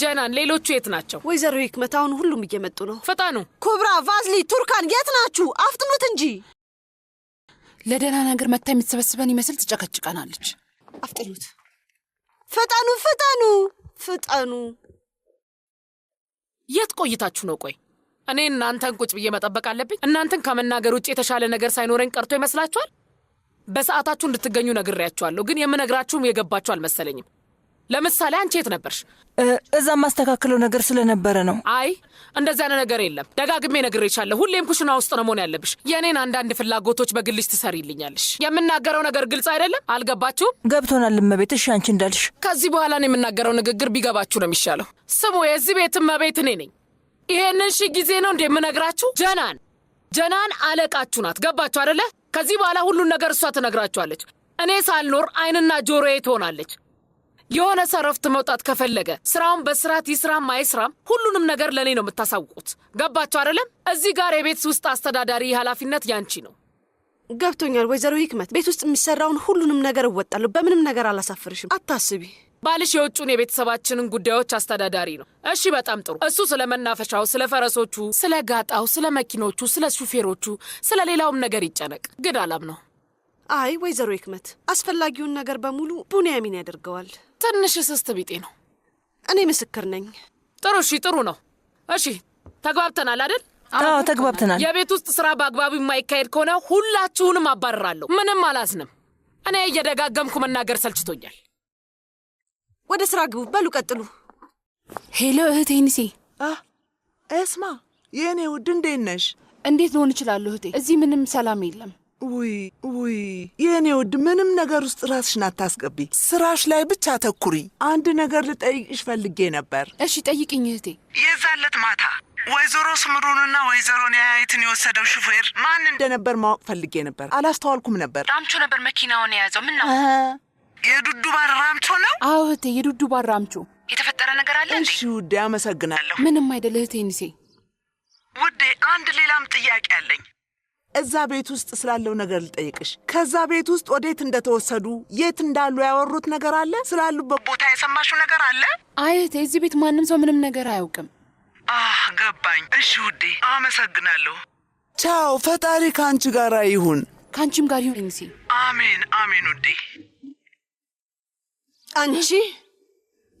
ጀናን፣ ሌሎቹ የት ናቸው? ወይዘሮ ሂክመት፣ አሁን ሁሉም እየመጡ ነው። ፈጣኑ፣ ኩብራ፣ ቫዝሊ፣ ቱርካን የት ናችሁ? አፍጥኑት እንጂ ለደህና ነገር መታ የምትሰበስበን ይመስል ትጨቀጭቀናለች። አፍጥኑት! ፈጣኑ፣ ፈጣኑ፣ ፈጣኑ! የት ቆይታችሁ ነው? ቆይ እኔ እናንተን ቁጭ ብዬ መጠበቅ አለብኝ? እናንተን ከመናገር ውጭ የተሻለ ነገር ሳይኖረኝ ቀርቶ ይመስላችኋል? በሰዓታችሁ እንድትገኙ ነግሬያችኋለሁ፣ ግን የምነግራችሁም የገባችሁ አልመሰለኝም። ለምሳሌ አንቺ የት ነበርሽ? እዛ የማስተካክለው ነገር ስለነበረ ነው። አይ እንደዚህ አይነት ነገር የለም። ደጋግሜ ነግሬሻለሁ። ሁሌም ኩሽና ውስጥ ነው መሆን ያለብሽ። የእኔን አንዳንድ ፍላጎቶች በግልሽ ትሰሪልኛለሽ። የምናገረው ነገር ግልጽ አይደለም። አልገባችሁም? ገብቶናል እመቤት። እሺ አንቺ እንዳልሽ። ከዚህ በኋላ ነው የምናገረው ንግግር ቢገባችሁ ነው የሚሻለው። ስሙ፣ የዚህ ቤት እመቤት እኔ ነኝ። ይሄንን ሺ ጊዜ ነው እንደምነግራችሁ። ጀናን ጀናን አለቃችሁ ናት። ገባችሁ አደለ? ከዚህ በኋላ ሁሉን ነገር እሷ ትነግራችኋለች። እኔ ሳልኖር አይንና ጆሮዬ ትሆናለች። የሆነ ሰው መውጣት ከፈለገ ስራውን በስርዓት ይስራም አይስራም ሁሉንም ነገር ለእኔ ነው የምታሳውቁት። ገባቸው አይደለም? እዚህ ጋር የቤት ውስጥ አስተዳዳሪ ኃላፊነት ያንቺ ነው። ገብቶኛል ወይዘሮ ሂክመት። ቤት ውስጥ የሚሰራውን ሁሉንም ነገር እወጣለሁ። በምንም ነገር አላሳፍርሽም፣ አታስቢ። ባልሽ የውጩን የቤተሰባችንን ጉዳዮች አስተዳዳሪ ነው። እሺ፣ በጣም ጥሩ። እሱ ስለ መናፈሻው፣ ስለ ፈረሶቹ፣ ስለ ጋጣው፣ ስለ መኪኖቹ፣ ስለ ሹፌሮቹ፣ ስለ ሌላውም ነገር ይጨነቅ። ግን አላም ነው። አይ ወይዘሮ ሂክመት፣ አስፈላጊውን ነገር በሙሉ ቡንያሚን ያደርገዋል። ትንሽ ስስት ቢጤ ነው። እኔ ምስክር ነኝ። ጥሩ እሺ፣ ጥሩ ነው። እሺ ተግባብተናል አይደል? አዎ ተግባብተናል። የቤት ውስጥ ስራ በአግባቡ የማይካሄድ ከሆነ ሁላችሁንም አባረራለሁ። ምንም አላዝንም። እኔ እየደጋገምኩ መናገር ሰልችቶኛል። ወደ ስራ ግቡ። በሉ ቀጥሉ። ሄሎ እህቴ ንሴ እስማ፣ የእኔ ውድ እንዴት ነሽ? እንዴት ልሆን እችላለሁ እህቴ? እዚህ ምንም ሰላም የለም። ውይ ውይ የእኔ ውድ ምንም ነገር ውስጥ ራስሽን አታስገቢ። ስራሽ ላይ ብቻ አተኩሪ። አንድ ነገር ልጠይቅሽ ፈልጌ ነበር። እሺ ጠይቅኝ እህቴ። የዛለት ማታ ወይዘሮ ስምሩንና ወይዘሮ ኒያየትን የወሰደው ሹፌር ማን እንደነበር ማወቅ ፈልጌ ነበር። አላስተዋልኩም ነበር። ራምቾ ነበር መኪናውን የያዘው። ምን ነው የዱዱባር ራምቾ ነው? አዎ እህቴ፣ የዱዱባር ራምቾ። የተፈጠረ ነገር አለ? እሺ ውዴ፣ አመሰግናለሁ። ምንም አይደል እህቴ። ንሴ ውዴ፣ አንድ ሌላም ጥያቄ አለኝ። እዛ ቤት ውስጥ ስላለው ነገር ልጠይቅሽ። ከዛ ቤት ውስጥ ወዴት እንደተወሰዱ የት እንዳሉ ያወሩት ነገር አለ? ስላሉበት ቦታ የሰማሽው ነገር አለ? አየት የዚህ እዚህ ቤት ማንም ሰው ምንም ነገር አያውቅም። አህ ገባኝ። እሺ ውዴ፣ አመሰግናለሁ። ቻው። ፈጣሪ ከአንቺ ጋር ይሁን፣ ከአንቺም ጋር ይሁን። ሲ አሜን፣ አሜን። ውዴ፣ አንቺ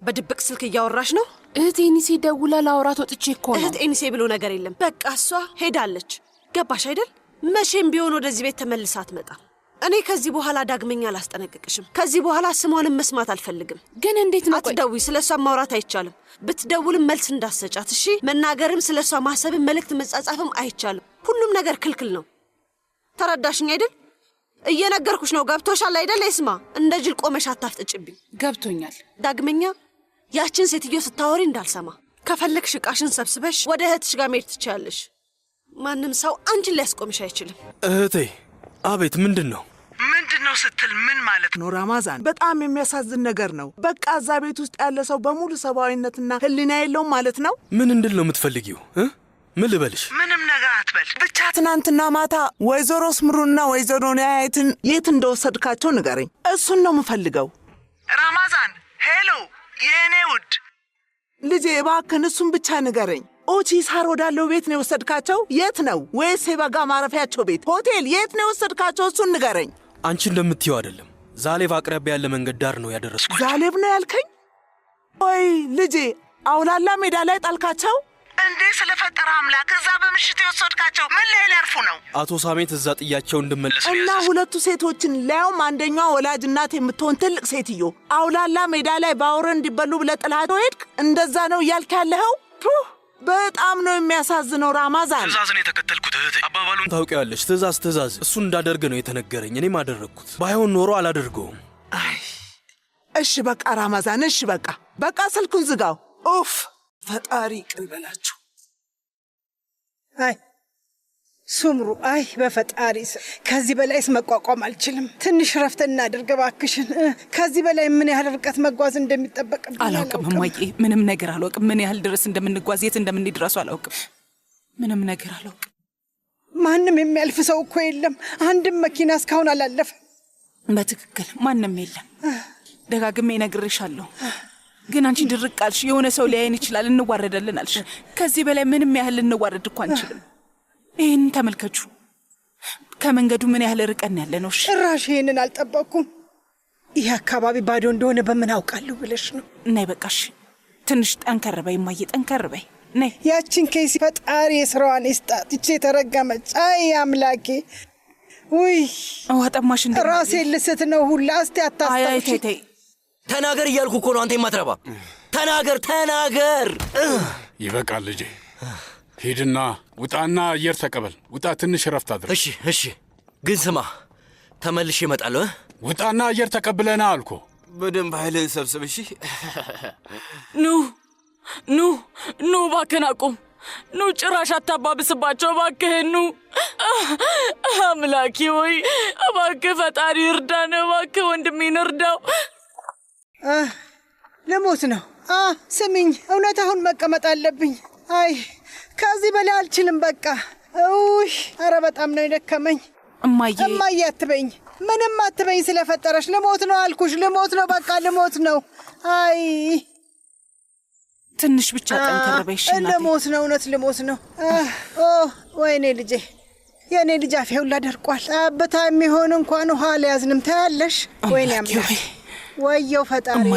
በድብቅ ስልክ እያወራሽ ነው? እህት ኤኒሴ ደውላ ላውራት ወጥቼ እኮ ነው። እህቴ ብሎ ነገር የለም። በቃ እሷ ሄዳለች። ገባሽ አይደል? መቼም ቢሆን ወደዚህ ቤት ተመልሳ አትመጣም። እኔ ከዚህ በኋላ ዳግመኛ አላስጠነቅቅሽም። ከዚህ በኋላ ስሟንም መስማት አልፈልግም። ግን እንዴት ነው? አትደውይ። ስለ እሷ ማውራት አይቻልም። ብትደውልም መልስ እንዳሰጫት እሺ። መናገርም፣ ስለ እሷ ማሰብም፣ መልእክት መጻጻፍም አይቻልም። ሁሉም ነገር ክልክል ነው። ተረዳሽኝ አይደል? እየነገርኩሽ ነው። ገብቶሻል አይደል? ይስማ፣ እንደ ጅል ቆመሽ አታፍጥጭብኝ። ገብቶኛል። ዳግመኛ ያችን ሴትዮ ስታወሪ እንዳልሰማ። ከፈለግሽ ዕቃሽን ሰብስበሽ ወደ እህትሽ ጋር መሄድ ትችያለሽ። ማንም ሰው አንቺን ሊያስቆምሽ አይችልም። እህቴ። አቤት። ምንድን ነው ምንድን ነው ስትል ምን ማለት ነው? ራማዛን፣ በጣም የሚያሳዝን ነገር ነው። በቃ እዛ ቤት ውስጥ ያለ ሰው በሙሉ ሰብአዊነትና ህሊና የለውም ማለት ነው። ምን እንድል ነው የምትፈልጊው? ምን ልበልሽ? ምንም ነገር አትበል። ብቻ ትናንትና ማታ ወይዘሮ ስምሩና ወይዘሮ ንያየትን የት እንደወሰድካቸው ንገረኝ። እሱን ነው የምፈልገው። ራማዛን፣ ሄሎ የእኔ ውድ ልጄ፣ እባክን እሱን ብቻ ንገረኝ። ኦቺ ሳር ወዳለው ቤት ነው የወሰድካቸው? የት ነው? ወይስ የበጋ ማረፊያቸው ቤት ሆቴል? የት ነው የወሰድካቸው? እሱን ንገረኝ። አንቺ እንደምትየው አይደለም። ዛሌብ አቅራቢያ ያለ መንገድ ዳር ነው ያደረሱ። ዛሌብ ነው ያልከኝ? ኦይ ልጄ፣ አውላላ ሜዳ ላይ ጣልካቸው እንዴ? ስለፈጠረ አምላክ፣ እዛ በምሽት የወሰድካቸው ምን ላይ ሊያርፉ ነው? አቶ ሳሜት እዛ ጥያቸው እንድመለስ እና ሁለቱ ሴቶችን ላያውም አንደኛ ወላጅ እናት የምትሆን ትልቅ ሴትዮ አውላላ ሜዳ ላይ በአውረ እንዲበሉ ብለህ ጥላቸው ሄድክ። እንደዛ ነው እያልክ ያለኸው? በጣም ነው የሚያሳዝነው። ራማዛን ትእዛዝን የተከተልኩት እህት አባባሉን ታውቂዋለሽ። ትእዛዝ ትእዛዝ፣ እሱ እንዳደርግ ነው የተነገረኝ። እኔም አደረግኩት። ባይሆን ኖሮ አላደርገውም። እሺ፣ በቃ ራማዛን፣ እሺ፣ በቃ በቃ፣ ስልኩን ዝጋው። ኡፍ፣ ፈጣሪ ይቅር አይ ሱምሩ አይ በፈጣሪ ከዚህ በላይስ መቋቋም አልችልም። ትንሽ ረፍት እናድርግ እባክሽን። ከዚህ በላይ ምን ያህል ርቀት መጓዝ እንደሚጠበቅ አላውቅም። እማዬ ምንም ነገር አላውቅም። ምን ያህል ድረስ እንደምንጓዝ የት እንደምንድረሱ አላውቅም። ምንም ነገር አላውቅም። ማንም የሚያልፍ ሰው እኮ የለም። አንድም መኪና እስካሁን አላለፈ። በትክክል ማንም የለም። ደጋግሜ እነግርሻለሁ። ግን አንቺ ድርቅ አልሽ። የሆነ ሰው ሊያይን ይችላል፣ እንዋረዳለን አልሽ። ከዚህ በላይ ምንም ያህል ልንዋረድ እኮ አንችልም። ይህንን ተመልከቹ። ከመንገዱ ምን ያህል ርቀን ያለ ነው? ጭራሽ ይህንን አልጠበቅኩም። ይህ አካባቢ ባዶ እንደሆነ በምን አውቃለሁ ብለሽ ነው? ነይ በቃሽ፣ ትንሽ ጠንከር በይ እማዬ፣ ጠንከር በይ። ነይ ያችን ከይሲ ፈጣሪ የስራዋን ይስጣት። ይቺ የተረገመች አይ አምላኬ ውይ ውሃ እንደ ልስት ነው ሁላ። እስቲ አታስታውሽ። ተናገር እያልኩ እኮ ነው አንተ የማትረባ። ተናገር ተናገር። ይበቃል ልጄ። ሂድና ውጣና አየር ተቀበል። ውጣ፣ ትንሽ እረፍት አድርግ። እሺ፣ እሺ። ግን ስማ፣ ተመልሼ እመጣለሁ። ውጣና አየር ተቀብለና አልኩ። በደንብ ኃይልህን ሰብስብ። እሺ። ኑ፣ ኑ፣ ኑ፣ እባክህን አቁም። ኑ፣ ጭራሽ አታባብስባቸው እባክህን። ኑ፣ አምላኬ ወይ እባክህ ፈጣሪ እርዳን። እባክህ ወንድሜን እርዳው። ለሞት ነው። ስምኝ፣ እውነት አሁን መቀመጥ አለብኝ። አይ ከዚህ በላይ አልችልም። በቃ እውሽ፣ አረ በጣም ነው የደከመኝ። እማዬ እማዬ አትበኝ፣ ምንም አትበኝ። ስለፈጠረሽ ልሞት ነው አልኩሽ፣ ልሞት ነው በቃ ልሞት ነው። አይ ትንሽ ብቻ ጠንከረበሽ። ልሞት ነው እውነት ልሞት ነው። ኦ ወይኔ ልጄ፣ የእኔ ልጅ አፌ ሁላ ደርቋል። ጠብታ የሚሆን እንኳን ውሃ አልያዝንም። ታያለሽ። ወይኔ አምላክ፣ ወየው ፈጣሪ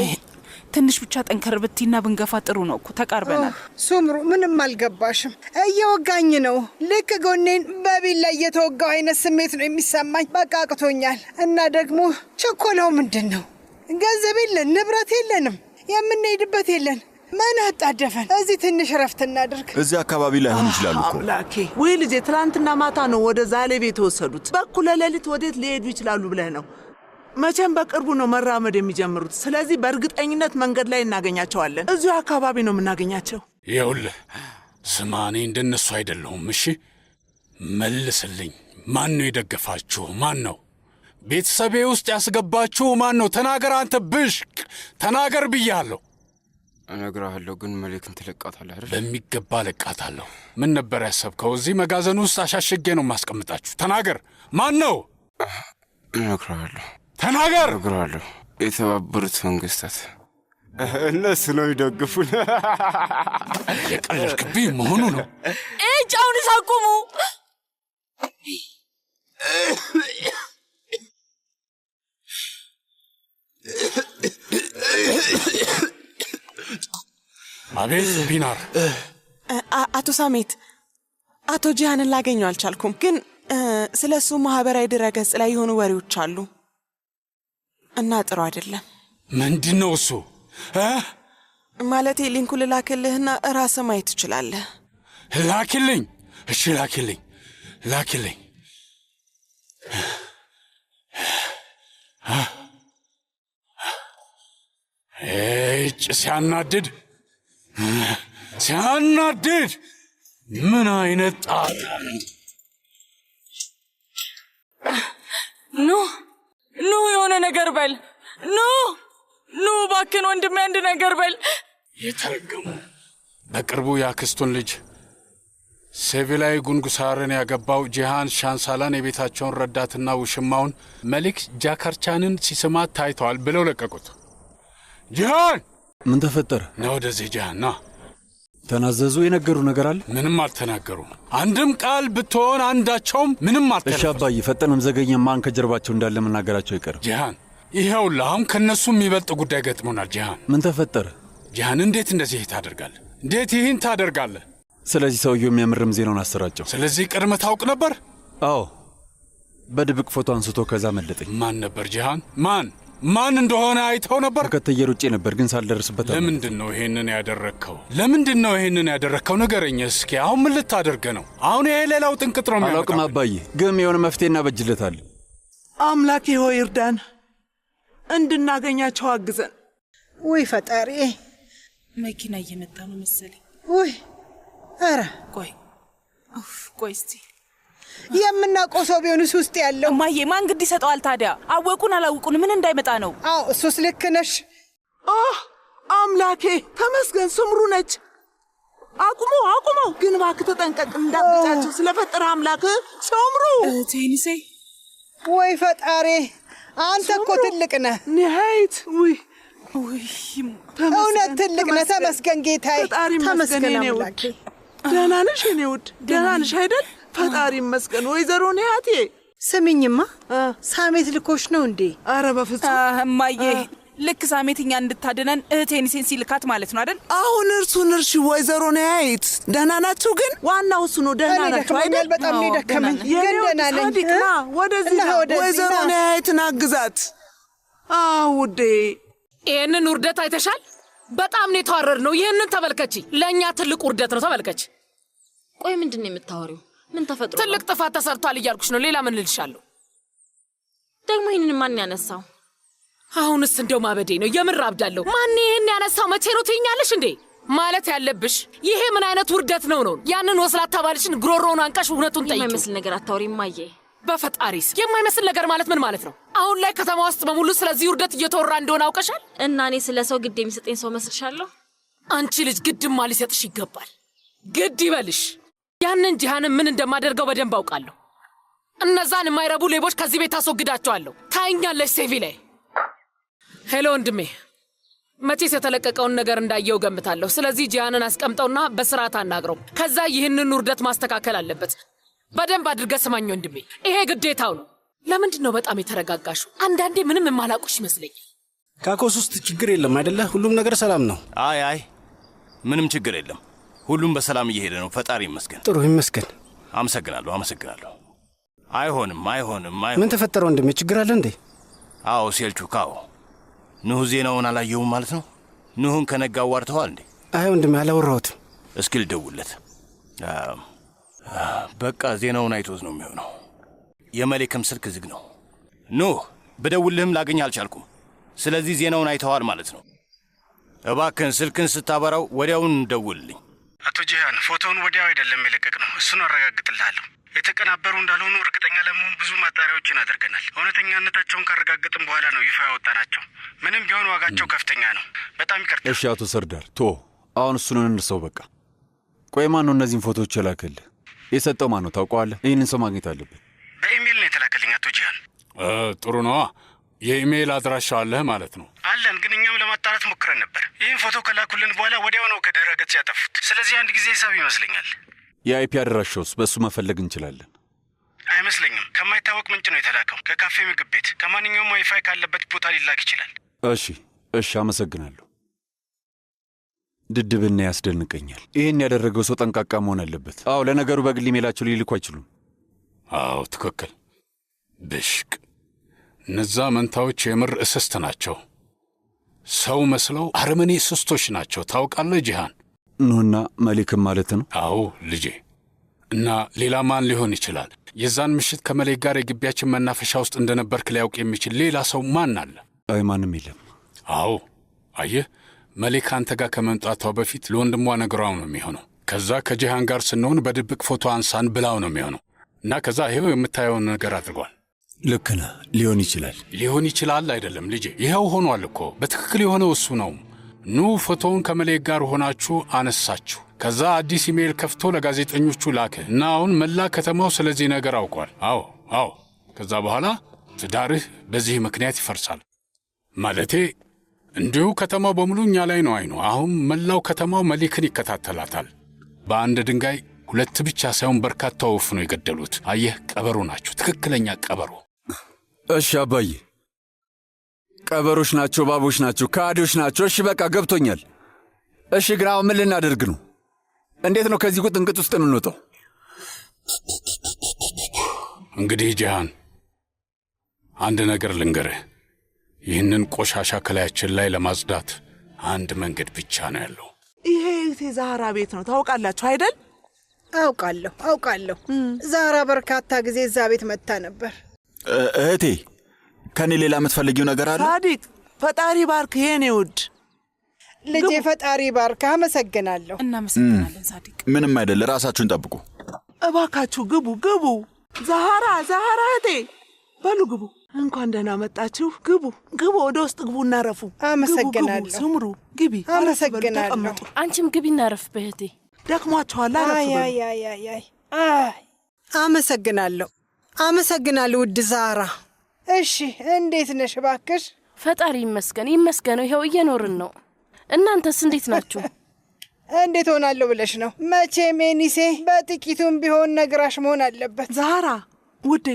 ትንሽ ብቻ ጠንከር ብቲና ብንገፋ ጥሩ ነው እኮ ተቃርበናል። ሱምሩ ምንም አልገባሽም። እየወጋኝ ነው። ልክ ጎኔን በቢላ እየተወጋው አይነት ስሜት ነው የሚሰማኝ። በቃ አቅቶኛል። እና ደግሞ ችኮላው ምንድን ነው? ገንዘብ የለን፣ ንብረት የለንም፣ የምንሄድበት የለን። ምን አጣደፈን? እዚህ ትንሽ ረፍት እናድርግ። እዚህ አካባቢ ላይሆን ይችላሉ እኮ አምላኬ። ውይ ልጄ፣ ትናንትና ማታ ነው ወደ ዛሌ ቤት የወሰዱት። በኩለ ሌሊት ወዴት ሊሄዱ ይችላሉ ብለህ ነው መቼም በቅርቡ ነው መራመድ የሚጀምሩት። ስለዚህ በእርግጠኝነት መንገድ ላይ እናገኛቸዋለን። እዚሁ አካባቢ ነው የምናገኛቸው። ይኸውልህ ስማ፣ እኔ እንደነሱ አይደለሁም። እሺ መልስልኝ። ማን ነው የደገፋችሁ? ማን ነው ቤተሰቤ ውስጥ ያስገባችሁ? ማን ነው? ተናገር አንተ ብሽቅ ተናገር ብያለሁ። እነግርሃለሁ ግን መልእክትን ትለቃታለህ አይደል? በሚገባ ለቃታለሁ። ምን ነበር ያሰብከው? እዚህ መጋዘን ውስጥ አሻሽጌ ነው የማስቀምጣችሁ። ተናገር ማን ነው? እነግርሃለሁ ተናገር እነግረዋለሁ። የተባበሩት መንግስታት እነሱ ነው የሚደግፉን። የቀለድክብኝ መሆኑ ነው። እጅ ሳቁሙ አቁሙ። አቤት ቢናር። አቶ ሳሜት፣ አቶ ጂሃንን ላገኘው አልቻልኩም፣ ግን ስለ እሱ ማህበራዊ ድረገጽ ላይ የሆኑ ወሬዎች አሉ። እና ጥሩ አይደለም። ምንድን ነው እሱ? ማለቴ ሊንኩ ልላክልህና ራስ ማየት ትችላለህ። ላክልኝ። እሺ፣ ላክልኝ፣ ላክልኝ። እጭ ሲያናድድ ሲያናድድ! ምን አይነት ጣጣ! ኑ ኑ የሆነ ነገር በል ኑ ኑ ባክን ወንድሜ አንድ ነገር በል። የተረገሙ በቅርቡ የአክስቱን ልጅ ሴቪላዊ ጉንጉሳርን ያገባው ጂሃን ሻንሳላን የቤታቸውን ረዳትና ውሽማውን መሊክ ጃካርቻንን ሲስማት ታይተዋል ብለው ለቀቁት። ጂሃን ምን ተፈጠረ? ና ወደዚህ ጂሃን ና ተናዘዙ የነገሩ ነገር አለ? ምንም አልተናገሩ። አንድም ቃል ብትሆን አንዳቸውም ምንም አልተ እሺ አባዬ፣ ፈጠንም ዘገኘ ማን ከጀርባቸው እንዳለ መናገራቸው አይቀርም። ጂሃን፣ ይኸውልህ አሁን ከእነሱ የሚበልጥ ጉዳይ ገጥሞናል። ጂሃን፣ ምን ተፈጠረ? ጂሃን፣ እንዴት እንደዚህ ታደርጋለህ? እንዴት ይህን ታደርጋለህ? ስለዚህ ሰውየው የሚያምርም ዜናውን አሰራጨው። ስለዚህ ቅድመ ታውቅ ነበር? አዎ፣ በድብቅ ፎቶ አንስቶ ከዛ መለጠኝ። ማን ነበር ጂሃን? ማን ማን እንደሆነ አይተው ነበር? ተከትዬ ሩጬ ነበር ግን ሳልደርስበት። ለምንድን ነው ይሄንን ያደረግከው? ለምንድን ነው ይሄንን ያደረግከው? ንገረኝ እስኪ። አሁን ምን ልታደርገ ነው? አሁን ይሄ ሌላው ጥንቅጥ ነው። አላውቅም አባዬ፣ ግን የሆነ መፍትሄ እናበጅለታል። አምላኬ ሆይ እርዳን፣ እንድናገኛቸው አግዘን። ውይ ፈጣሪ፣ መኪና እየመጣ ነው መሰለኝ። ውይ ኧረ ቆይ ቆይ እስቲ የምናውቀው ሰው ቢሆንስ ውስጥ ያለው እማዬ ማን ግድ ይሰጠዋል ታዲያ? አወቁን አላውቁን ምን እንዳይመጣ ነው። አዎ እሱስ ልክ ነሽ። አምላኬ ተመስገን። ስምሩ ነች። አቁመው አቁመው፣ ግን ባክ ተጠንቀቅ እንዳብቻቸው ስለፈጠረ አምላክ። ስምሩ ቴኒሴ፣ ወይ ፈጣሪ፣ አንተ እኮ ትልቅ ነ ንሀይት እውነት ትልቅ ነ ተመስገን ጌታዬ፣ ተመስገን አምላኬ። ደህና ነሽ የኔ ውድ? ደህና ነሽ አይደል? ፈጣሪ ይመስገን። ወይዘሮ ኒያቴ ስሚኝማ፣ ሳሜት ልኮች ነው እንዴ? አረ በፍጹም እማዬ፣ ልክ ሳሜትኛ እንድታድነን እህቴን ሴንሲ ልካት ማለት ነው አይደል? አሁን እርሱን እርሺ። ወይዘሮ ንያይት ደህና ናችሁ? ግን ዋናው እሱ ነው። ደህና ናችሁ አይደል? በጣም ነው የደከመኝ፣ ወደዚህ ወይዘሮ ንያይትን አግዛት። አዎ ውዴ፣ ይህንን ውርደት አይተሻል? በጣም ነው የተዋረድ ነው። ይህንን ተመልከቺ፣ ለእኛ ትልቅ ውርደት ነው። ተመልከች። ቆይ ምንድን ነው የምታወሪው? ምን ተፈጥሮ ትልቅ ጥፋት ተሰርቷል እያልኩሽ ነው። ሌላ ምን ልልሻለሁ? ደግሞ ይህንን ማን ያነሳው? አሁንስ እንደው ማበዴ ነው። የምር አብዳለሁ። ማን ይህን ያነሳው? መቼ ነው ትይኛለሽ እንዴ? ማለት ያለብሽ ይሄ ምን አይነት ውርደት ነው ነው? ያንን ወስላታ ባልሽን ግሮሮውን አንቀሽ እውነቱን ጠይቂ። የማይመስል ነገር አታውሪ ማዬ። በፈጣሪስ የማይመስል ነገር ማለት ምን ማለት ነው? አሁን ላይ ከተማ ውስጥ በሙሉ ስለዚህ ውርደት እየተወራ እንደሆነ አውቀሻል። እና እኔ ስለ ሰው ግድ የሚሰጠኝ ሰው መስልሻለሁ? አንቺ ልጅ ግድማ ሊሰጥሽ ይገባል። ግድ ይበልሽ። ያንን ጂሃንን ምን እንደማደርገው በደንብ አውቃለሁ። እነዛን የማይረቡ ሌቦች ከዚህ ቤት አስወግዳቸዋለሁ። ታይኛለች ሴቪ ላይ። ሄሎ ወንድሜ፣ መቼስ የተለቀቀውን ነገር እንዳየው ገምታለሁ። ስለዚህ ጂሃንን አስቀምጠውና በስርዓት አናግረው። ከዛ ይህንን ውርደት ማስተካከል አለበት። በደንብ አድርገ ስማኝ ወንድሜ፣ ይሄ ግዴታው ነው። ለምንድን ነው በጣም የተረጋጋሹ? አንዳንዴ ምንም የማላቁሽ ይመስለኛል። ካኮስ ውስጥ ችግር የለም አይደለ? ሁሉም ነገር ሰላም ነው። አይ አይ፣ ምንም ችግር የለም። ሁሉም በሰላም እየሄደ ነው። ፈጣሪ ይመስገን። ጥሩ ይመስገን። አመሰግናለሁ፣ አመሰግናለሁ። አይሆንም፣ አይሆንም። ምን ተፈጠረ ወንድሜ? ችግር አለ እንዴ? አዎ፣ ሴልቹክ። አዎ፣ ንሁ ዜናውን አላየውም ማለት ነው። ንሁን ከነጋ አዋርተዋል እንዴ? አይ ወንድሜ፣ አላወራሁትም። እስኪ ደውለት በቃ ዜናውን አይቶት ነው የሚሆነው። የመሌክም ስልክ ዝግ ነው። ኑህ ብደውልህም ላገኝ አልቻልኩም። ስለዚህ ዜናውን አይተዋል ማለት ነው። እባክን ስልክን ስታበራው ወዲያውን ደውልልኝ። አቶ ጂሃን ፎቶውን ወዲያው አይደለም የለቀቅ ነው። እሱን አረጋግጥልሃለሁ። የተቀናበሩ እንዳልሆኑ እርግጠኛ ለመሆን ብዙ ማጣሪያዎችን አድርገናል። እውነተኛነታቸውን ካረጋግጥም በኋላ ነው ይፋ ናቸው። ምንም ቢሆን ዋጋቸው ከፍተኛ ነው። በጣም ይቅርታ። እሺ አቶ ሰርዳር ቶ አሁን እሱንን እንርሰው በቃ። ቆይ ማን ነው እነዚህን ፎቶዎች የላከልህ? የሰጠው ማን ነው ታውቀዋለህ? ይህንን ሰው ማግኘት አለብን። በኢሜይል ነው የተላከልኝ አቶ ጂሃን። ጥሩ ነዋ። የኢሜይል አድራሻ አለህ ማለት ነው? አለን፣ ግን እኛም ለማጣራት ሞክረን ነበር። ይህን ፎቶ ከላኩልን በኋላ ወዲያው ነው ከድረ ገጽ ያጠፉት። ስለዚህ አንድ ጊዜ ሂሳብ ይመስለኛል። የአይፒ አድራሻውስ በእሱ መፈለግ እንችላለን? አይመስለኝም። ከማይታወቅ ምንጭ ነው የተላከው። ከካፌ ምግብ ቤት፣ ከማንኛውም ዋይፋይ ካለበት ቦታ ሊላክ ይችላል። እሺ፣ እሺ፣ አመሰግናለሁ። ድድብና ያስደንቀኛል። ይህን ያደረገው ሰው ጠንቃቃ መሆን አለበት። አዎ፣ ለነገሩ በግል ሜላቸው ሊልኩ አይችሉም። አዎ፣ ትክክል። ብሽቅ እነዛ መንታዎች የምር እስስት ናቸው። ሰው መስለው አረመኔ ስስቶች ናቸው። ታውቃለህ ጂሃን። ኑና መሊክም ማለት ነው። አዎ ልጄ። እና ሌላ ማን ሊሆን ይችላል? የዛን ምሽት ከመሌክ ጋር የግቢያችን መናፈሻ ውስጥ እንደነበርክ ሊያውቅ የሚችል ሌላ ሰው ማን አለ? አይ ማንም የለም። አዎ አየህ፣ መሌክ አንተ ጋር ከመምጣቷ በፊት ለወንድሟ ነገሯው ነው የሚሆነው። ከዛ ከጂሃን ጋር ስንሆን በድብቅ ፎቶ አንሳን ብላው ነው የሚሆነው እና ከዛ ይኸው የምታየውን ነገር አድርጓል። ልክ ነህ። ሊሆን ይችላል ሊሆን ይችላል አይደለም ልጄ፣ ይኸው ሆኗል እኮ በትክክል የሆነው እሱ ነው። ኑ ፎቶውን ከመሌክ ጋር ሆናችሁ አነሳችሁ። ከዛ አዲስ ኢሜይል ከፍቶ ለጋዜጠኞቹ ላከ እና አሁን መላ ከተማው ስለዚህ ነገር አውቋል። አዎ አዎ። ከዛ በኋላ ትዳርህ በዚህ ምክንያት ይፈርሳል። ማለቴ እንዲሁ ከተማው በሙሉ እኛ ላይ ነው አይኑ። አሁን መላው ከተማው መሌክን ይከታተላታል። በአንድ ድንጋይ ሁለት ብቻ ሳይሆን በርካታ ወፍ ነው የገደሉት። አየህ፣ ቀበሮ ናቸው፣ ትክክለኛ ቀበሮ። እሺ አባዬ፣ ቀበሮች ናቸው፣ ባቦች ናቸው፣ ከሃዲዎች ናቸው። እሺ በቃ ገብቶኛል። እሺ ግን አሁን ምን ልናደርግ ነው? እንዴት ነው ከዚህ ቁጥንቅጥ ውስጥ የምንወጣው? እንግዲህ ጃሃን፣ አንድ ነገር ልንገርህ። ይህንን ቆሻሻ ከላያችን ላይ ለማጽዳት አንድ መንገድ ብቻ ነው ያለው። ይሄ እህቴ ዛህራ ቤት ነው፣ ታውቃላችሁ አይደል? አውቃለሁ፣ አውቃለሁ። ዛህራ በርካታ ጊዜ እዛ ቤት መጥታ ነበር። እህቴ ከኔ ሌላ የምትፈልጊው ነገር አለ? ሳዲቅ ፈጣሪ ባርክ። የኔ ውድ ልጄ ፈጣሪ ባርክ። አመሰግናለሁ። እናመሰግናለን ሳዲቅ። ምንም አይደለ። ራሳችሁን ጠብቁ እባካችሁ። ግቡ ግቡ። ዛሃራ ዛሃራ፣ እህቴ በሉ ግቡ። እንኳን ደህና መጣችሁ። ግቡ ግቡ፣ ወደ ውስጥ ግቡ፣ እናረፉ። አመሰግናለሁ። ስምሩ ግቢ። አመሰግናለሁ። አንቺም ግቢ እናረፍ። በእህቴ ደክሟችኋል። አረፍ። አመሰግናለሁ። አመሰግናለሁ ውድ ዛራ። እሺ እንዴት ነሽ? እባክሽ ፈጣሪ ይመስገን ይመስገነው፣ ይኸው እየኖርን ነው። እናንተስ እንዴት ናችሁ? እንዴት ሆናለሁ ብለሽ ነው? መቼ ሜኒሴ፣ በጥቂቱም ቢሆን ነግራሽ መሆን አለበት። ዛራ ውዴ፣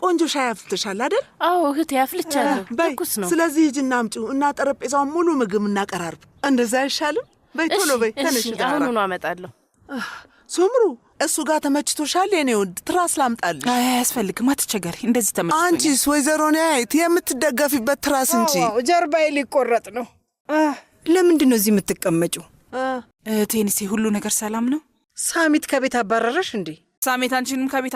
ቆንጆ ሻይ አፍልተሻል አደል? አዎ እህቴ፣ አፍልቻለሁ፣ በኩስ ነው። ስለዚህ ሂጂና አምጪው እና ጠረጴዛውን ሙሉ ምግብ እናቀራርብ። እንደዛ አይሻልም? በይ ቶሎ በይ፣ ተነሽ። አሁኑኑ አመጣለሁ። ሶምሩ እሱ ጋር ተመችቶሻል? የኔ ውድ ትራስ ላምጣልሽ? አያስፈልግም፣ አትቸገሪ። እንደዚህ ተመ አንቺስ ወይዘሮ ንያየት የምትደገፊበት ትራስ እንጂ ጀርባዬ ሊቆረጥ ነው። ለምንድን ነው እዚህ የምትቀመጪው? ቴኒሴ፣ ሁሉ ነገር ሰላም ነው? ሳሚት ከቤት አባረረሽ እንዴ? ሳሚት አንቺንም ከቤት